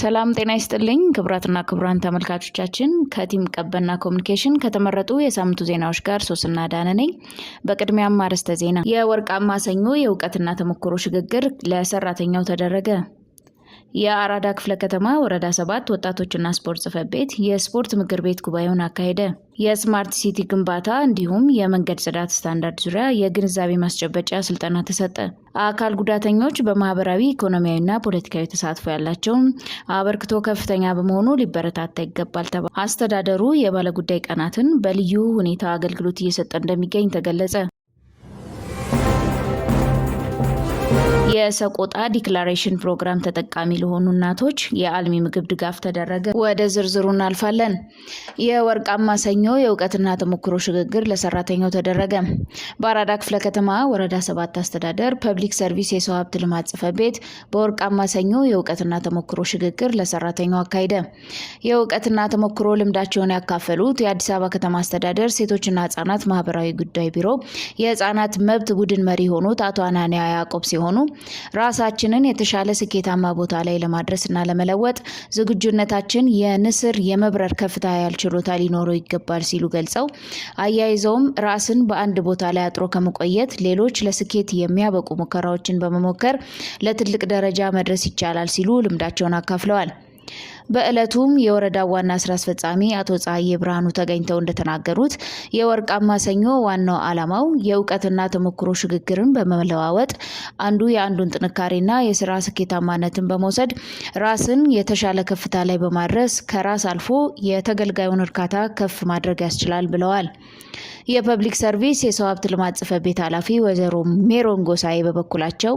ሰላም ጤና ይስጥልኝ ክብራትና ክቡራን ተመልካቾቻችን ከቲም ቀበና ኮሚኒኬሽን ከተመረጡ የሳምንቱ ዜናዎች ጋር ሶስና ዳነ ነኝ። በቅድሚያም አርዕስተ ዜና፣ የወርቃማ ሰኞ የእውቀትና ተሞክሮ ሽግግር ለሰራተኛው ተደረገ። የአራዳ ክፍለ ከተማ ወረዳ ሰባት ወጣቶችና ስፖርት ጽህፈት ቤት የስፖርት ምክር ቤት ጉባኤውን አካሄደ። የስማርት ሲቲ ግንባታ እንዲሁም የመንገድ ጽዳት ስታንዳርድ ዙሪያ የግንዛቤ ማስጨበጫ ስልጠና ተሰጠ። አካል ጉዳተኞች በማህበራዊ ኢኮኖሚያዊና ፖለቲካዊ ተሳትፎ ያላቸው አበርክቶ ከፍተኛ በመሆኑ ሊበረታታ ይገባል ተባለ። አስተዳደሩ የባለጉዳይ ቀናትን በልዩ ሁኔታ አገልግሎት እየሰጠ እንደሚገኝ ተገለጸ። የሰቆጣ ዲክላሬሽን ፕሮግራም ተጠቃሚ ለሆኑ እናቶች የአልሚ ምግብ ድጋፍ ተደረገ። ወደ ዝርዝሩ እናልፋለን። የወርቃማ ሰኞ የእውቀትና ተሞክሮ ሽግግር ለሰራተኛው ተደረገ። በአራዳ ክፍለ ከተማ ወረዳ ሰባት አስተዳደር ፐብሊክ ሰርቪስ የሰው ሀብት ልማት ጽሕፈት ቤት በወርቃማ ሰኞ የእውቀትና ተሞክሮ ሽግግር ለሰራተኛው አካሄደ። የእውቀትና ተሞክሮ ልምዳቸውን ያካፈሉት የአዲስ አበባ ከተማ አስተዳደር ሴቶችና ህጻናት ማህበራዊ ጉዳይ ቢሮ የህጻናት መብት ቡድን መሪ የሆኑት አቶ አናንያ ያዕቆብ ሲሆኑ ራሳችንን የተሻለ ስኬታማ ቦታ ላይ ለማድረስ እና ለመለወጥ ዝግጁነታችን የንስር የመብረር ከፍታ ያህል ችሎታ ሊኖረው ይገባል ሲሉ ገልጸው አያይዘውም ራስን በአንድ ቦታ ላይ አጥሮ ከመቆየት ሌሎች ለስኬት የሚያበቁ ሙከራዎችን በመሞከር ለትልቅ ደረጃ መድረስ ይቻላል ሲሉ ልምዳቸውን አካፍለዋል። በዕለቱም የወረዳ ዋና ስራ አስፈጻሚ አቶ ጸሐዬ ብርሃኑ ተገኝተው እንደተናገሩት የወርቃማ ሰኞ ዋናው ዓላማው የእውቀትና ተሞክሮ ሽግግርን በመለዋወጥ አንዱ የአንዱን ጥንካሬና የስራ ስኬታማነትን በመውሰድ ራስን የተሻለ ከፍታ ላይ በማድረስ ከራስ አልፎ የተገልጋዩን እርካታ ከፍ ማድረግ ያስችላል ብለዋል። የፐብሊክ ሰርቪስ የሰው ሀብት ልማት ጽሕፈት ቤት ኃላፊ ወይዘሮ ሜሮን ጎሳኤ በበኩላቸው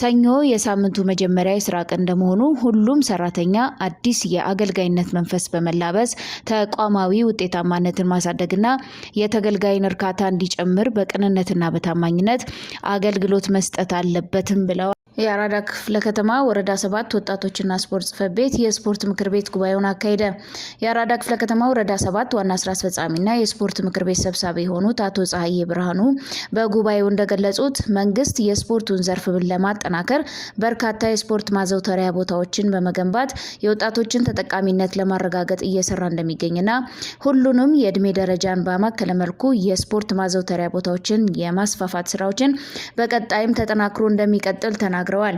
ሰኞ የሳምንቱ መጀመሪያ የስራ ቀን እንደመሆኑ ሁሉም ሰራተኛ አዲስ የአገልጋይነት መንፈስ በመላበስ ተቋማዊ ውጤታማነትን ማሳደግና የተገልጋይን እርካታ እንዲጨምር በቅንነትና በታማኝነት አገልግሎት መስጠት አለበትም ብለዋል። የአራዳ ክፍለ ከተማ ወረዳ ሰባት ወጣቶችና ስፖርት ጽፈት ቤት የስፖርት ምክር ቤት ጉባኤውን አካሄደ። የአራዳ ክፍለ ከተማ ወረዳ ሰባት ዋና ስራ አስፈጻሚና የስፖርት ምክር ቤት ሰብሳቢ የሆኑት አቶ ፀሐዬ ብርሃኑ በጉባኤው እንደገለጹት መንግስት የስፖርቱን ዘርፍ ለማጠናከር በርካታ የስፖርት ማዘውተሪያ ቦታዎችን በመገንባት የወጣቶችን ተጠቃሚነት ለማረጋገጥ እየሰራ እንደሚገኝና ሁሉንም የእድሜ ደረጃን ባማከለ መልኩ የስፖርት ማዘውተሪያ ቦታዎችን የማስፋፋት ስራዎችን በቀጣይም ተጠናክሮ እንደሚቀጥል ተናግረዋል። ተናግረዋል።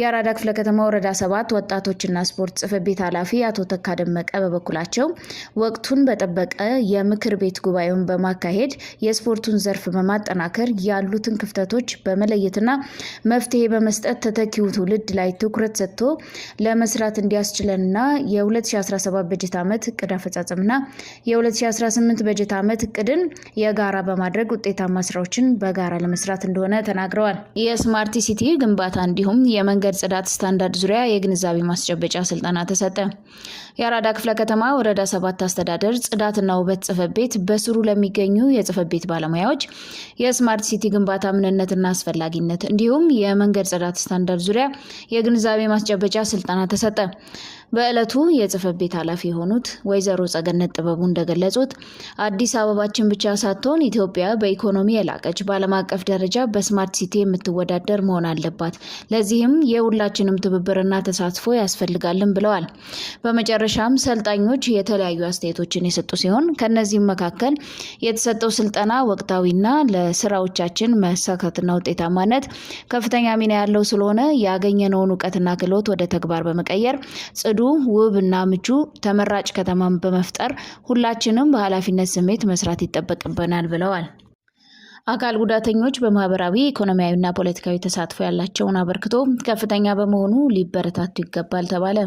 የአራዳ ክፍለ ከተማ ወረዳ ሰባት ወጣቶችና ስፖርት ጽፈት ቤት ኃላፊ አቶ ተካ ደመቀ በበኩላቸው ወቅቱን በጠበቀ የምክር ቤት ጉባኤውን በማካሄድ የስፖርቱን ዘርፍ በማጠናከር ያሉትን ክፍተቶች በመለየትና መፍትሄ በመስጠት ተተኪው ትውልድ ላይ ትኩረት ሰጥቶ ለመስራት እንዲያስችለንና የ2017 በጀት ዓመት እቅድ አፈጻጸምና የ2018 በጀት ዓመት እቅድን የጋራ በማድረግ ውጤታማ ስራዎችን በጋራ ለመስራት እንደሆነ ተናግረዋል። የስማርት ሲቲ ግንባታ ግንባታ እንዲሁም የመንገድ ጽዳት ስታንዳርድ ዙሪያ የግንዛቤ ማስጨበጫ ስልጠና ተሰጠ። የአራዳ ክፍለ ከተማ ወረዳ ሰባት አስተዳደር ጽዳትና ውበት ጽፈት ቤት በስሩ ለሚገኙ የጽፈት ቤት ባለሙያዎች የስማርት ሲቲ ግንባታ ምንነትና አስፈላጊነት እንዲሁም የመንገድ ጽዳት ስታንዳርድ ዙሪያ የግንዛቤ ማስጨበጫ ስልጠና ተሰጠ። በዕለቱ የጽፈት ቤት ኃላፊ የሆኑት ወይዘሮ ጸገነት ጥበቡ እንደገለጹት አዲስ አበባችን ብቻ ሳትሆን ኢትዮጵያ በኢኮኖሚ የላቀች በዓለም አቀፍ ደረጃ በስማርት ሲቲ የምትወዳደር መሆን አለባት። ለዚህም የሁላችንም ትብብርና ተሳትፎ ያስፈልጋልን ብለዋል። በመጨረሻም ሰልጣኞች የተለያዩ አስተያየቶችን የሰጡ ሲሆን ከነዚህም መካከል የተሰጠው ስልጠና ወቅታዊና ለስራዎቻችን መሳካትና ውጤታማነት ከፍተኛ ሚና ያለው ስለሆነ ያገኘነውን እውቀትና ክህሎት ወደ ተግባር በመቀየር ጽዱ፣ ውብና ምቹ ተመራጭ ከተማን በመፍጠር ሁላችንም በኃላፊነት ስሜት መስራት ይጠበቅብናል ብለዋል። አካል ጉዳተኞች በማህበራዊ ኢኮኖሚያዊና ፖለቲካዊ ተሳትፎ ያላቸውን አበርክቶ ከፍተኛ በመሆኑ ሊበረታቱ ይገባል ተባለ።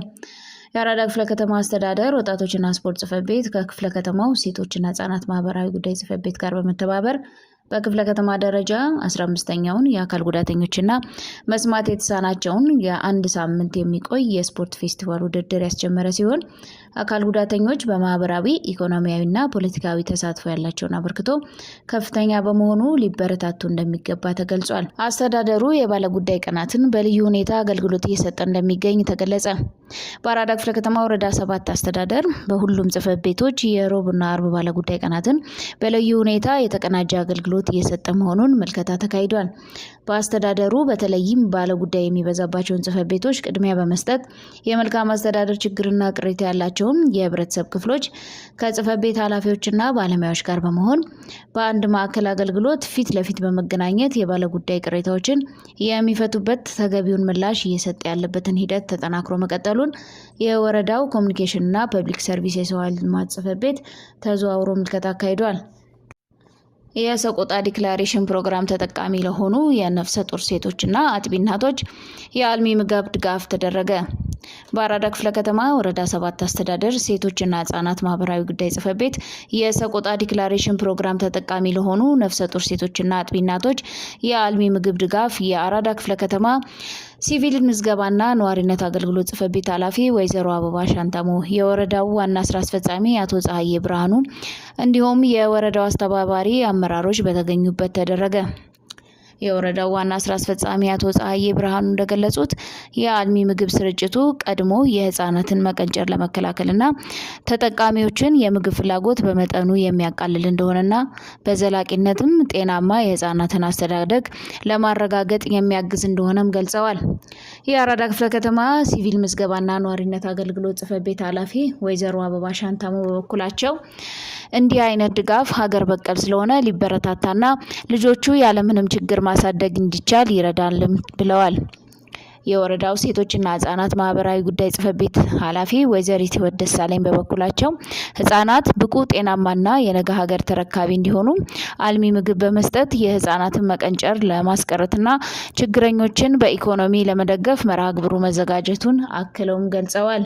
የአራዳ ክፍለ ከተማ አስተዳደር ወጣቶችና ስፖርት ጽፈት ቤት ከክፍለ ከተማው ሴቶችና ህጻናት ማህበራዊ ጉዳይ ጽፈት ቤት ጋር በመተባበር በክፍለ ከተማ ደረጃ 15ኛውን የአካል ጉዳተኞችና መስማት የተሳናቸውን የአንድ ሳምንት የሚቆይ የስፖርት ፌስቲቫል ውድድር ያስጀመረ ሲሆን አካል ጉዳተኞች በማህበራዊ ኢኮኖሚያዊና ፖለቲካዊ ተሳትፎ ያላቸውን አበርክቶ ከፍተኛ በመሆኑ ሊበረታቱ እንደሚገባ ተገልጿል። አስተዳደሩ የባለጉዳይ ቀናትን በልዩ ሁኔታ አገልግሎት እየሰጠ እንደሚገኝ ተገለጸ። በአራዳ ክፍለ ከተማ ወረዳ ሰባት አስተዳደር በሁሉም ጽህፈት ቤቶች የሮብና አርብ ባለጉዳይ ቀናትን በልዩ ሁኔታ የተቀናጀ አገልግሎት እየሰጠ መሆኑን ምልከታ ተካሂዷል። በአስተዳደሩ በተለይም ባለጉዳይ የሚበዛባቸውን ጽህፈት ቤቶች ቅድሚያ በመስጠት የመልካም አስተዳደር ችግርና ቅሬታ ያላቸው ያላቸውም የህብረተሰብ ክፍሎች ከጽህፈት ቤት ኃላፊዎችና ባለሙያዎች ጋር በመሆን በአንድ ማዕከል አገልግሎት ፊት ለፊት በመገናኘት የባለጉዳይ ቅሬታዎችን የሚፈቱበት ተገቢውን ምላሽ እየሰጠ ያለበትን ሂደት ተጠናክሮ መቀጠሉን የወረዳው ኮሚኒኬሽንና ፐብሊክ ሰርቪስ የሰው ኃይል ልማት ጽህፈት ቤት ተዘዋውሮ ምልከታ አካሂዷል። የሰቆጣ ዲክላሬሽን ፕሮግራም ተጠቃሚ ለሆኑ የነፍሰ ጡር ሴቶችና አጥቢ እናቶች የአልሚ ምግብ ድጋፍ ተደረገ። በአራዳ ክፍለ ከተማ ወረዳ ሰባት አስተዳደር ሴቶችና ህጻናት ማህበራዊ ጉዳይ ጽሕፈት ቤት የሰቆጣ ዲክላሬሽን ፕሮግራም ተጠቃሚ ለሆኑ ነፍሰ ጡር ሴቶችና አጥቢ እናቶች የአልሚ ምግብ ድጋፍ የአራዳ ክፍለ ከተማ ሲቪል ምዝገባና ነዋሪነት አገልግሎት ጽሕፈት ቤት ኃላፊ ወይዘሮ አበባ ሻንታሞ፣ የወረዳው ዋና ስራ አስፈጻሚ አቶ ፀሐዬ ብርሃኑ እንዲሁም የወረዳው አስተባባሪ አመራሮች በተገኙበት ተደረገ። የወረዳው ዋና ስራ አስፈጻሚ አቶ ፀሐዬ ብርሃኑ እንደገለጹት የአልሚ ምግብ ስርጭቱ ቀድሞ የህፃናትን መቀንጨር ለመከላከልና ተጠቃሚዎችን የምግብ ፍላጎት በመጠኑ የሚያቃልል እንደሆነና በዘላቂነትም ጤናማ የህፃናትን አስተዳደግ ለማረጋገጥ የሚያግዝ እንደሆነም ገልጸዋል። የአራዳ ክፍለ ከተማ ሲቪል ምዝገባና ነዋሪነት አገልግሎት ጽህፈት ቤት ኃላፊ ወይዘሮ አበባ ሻንታሙ በበኩላቸው እንዲህ አይነት ድጋፍ ሀገር በቀል ስለሆነ ሊበረታታና ልጆቹ ያለምንም ችግር ማሳደግ እንዲቻል ይረዳልም ብለዋል። የወረዳው ሴቶችና ህጻናት ማህበራዊ ጉዳይ ጽፈት ቤት ኃላፊ ወይዘሪት ህይወት በበኩላቸው ህጻናት ብቁ ጤናማና የነገ ሀገር ተረካቢ እንዲሆኑ አልሚ ምግብ በመስጠት የህጻናትን መቀንጨር ለማስቀረትና ችግረኞችን በኢኮኖሚ ለመደገፍ መርሃ ግብሩ መዘጋጀቱን አክለውም ገልጸዋል።